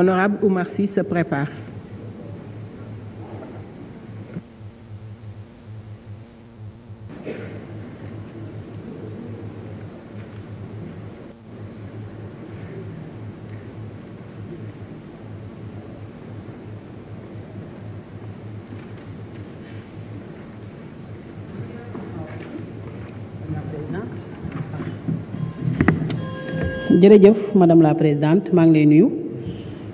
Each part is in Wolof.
Honorable Oumar Sy se prépare. jërëjëf madame maa ngi lay nuyu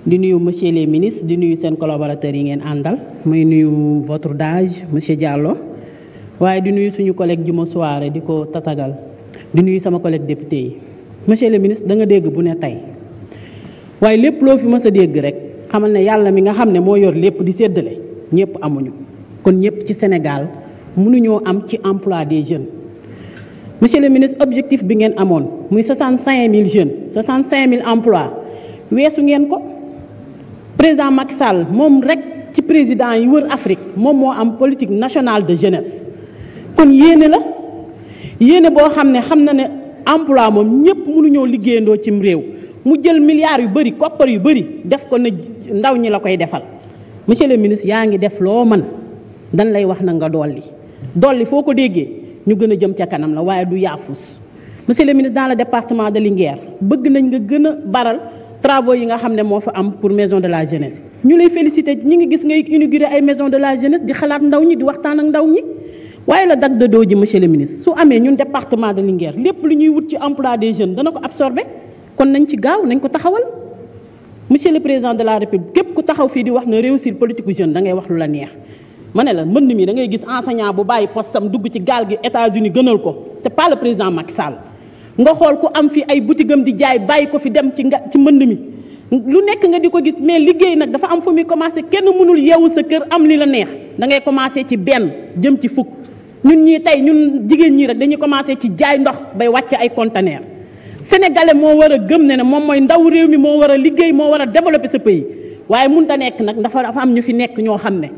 di nuyu monsieur les ministres di nuyu seen collaborateurs yi ngeen àndal may nuyu votre DAGE monsieur Diallo waaye di nuyu suñu collègue Juma Souare di ko tatagal di nuyu sama collègue député yi monsieur le ministre da nga dégg bu ne tey waaye lépp loo fi mës a dégg rek xamal ne yàlla mi nga xam ne moo yor lépp di séddale ñëpp amuñu kon ñëpp ci Sénégal mënuñoo am ci emploi des jeunes monsieur le ministre objectif bi ngeen amoon muy 65000 jeunes 65000 emplois weesu ngeen ko. président Macky Sall moom rek ci président yi wër Afrique moom moo am politique nationale de jeunesse kon yéene la yéene boo xam ne xam na ne emploi moom ñëpp ñëw liggéeyandoo cim réew mu jël milliards yu bëri koppar yu bëri def ko na ndaw ñi la koy defal monsieur le ministre yaa ngi def loo man dañ lay wax na nga dolli dolli foo ko déggee ñu gën a jëm ca kanam la waaye du yaafus monsieur le ministre dans le département de Linguère bëgg nañ nga gën a baral travaux yi nga xam ne moo fa am pour maison de la jeunesse ñu lay félicité ñi ngi gis ngay inauguré ay maison de la jeunesse di xalaat ndaw ñi di waxtaan ak ndaw ñi waaye la dag de doo ji monsieur le ministre su amee ñun département de Linguère lépp lu ñuy wut ci emploi des jeunes dana ko absorbé kon nañ ci gaaw nañ ko taxawal monsieur le président de la république képp ku taxaw fii di wax ne réussir politique jeune da ngay wax lu la neex ma ne la mbënd mi ngay gis enseignant bu bàyyi postam dugg ci gaal gi États-Unis gënal ko c'est pas le président Macky nga xool ku am fi ay boutique am di jaay bàyyi ko fi dem ci nga ci mbënd mi lu nekk nga di ko gis mais liggéey nag dafa am fu muy commencé kenn mënul yeewu sa kër am li la neex da ngay commencé ci benn jëm ci fukk ñun ñii tey ñun jigéen ñii rek dañuy commencé ci jaay ndox bay wàcc ay conteneur sénégalais moo war a gëm ne ne moom mooy ndaw réew mi moo war a liggéey moo war a développer sa pays waaye mun a nekk nag dafa dafa am ñu fi nekk ñoo xam ne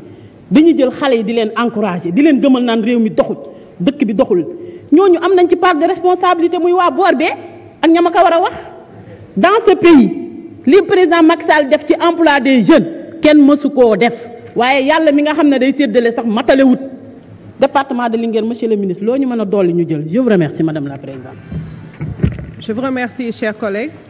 dañu jël xale yi di leen encourager di leen gëmal naan réew mi doxul dëkk bi doxul ñooñu am nañ ci part de responsabilité muy waa boor bee ak ña ma ko war a wax dans ce pays li président Macky def ci emploi des jeunes kenn mësu koo def waaye yàlla mi nga xam ne day séddale sax matale wut département de Linguère monsieur le ministre loo ñu mën a dolli ñu jël je vous remercie madame la présidente. je vous remercie chers collègues.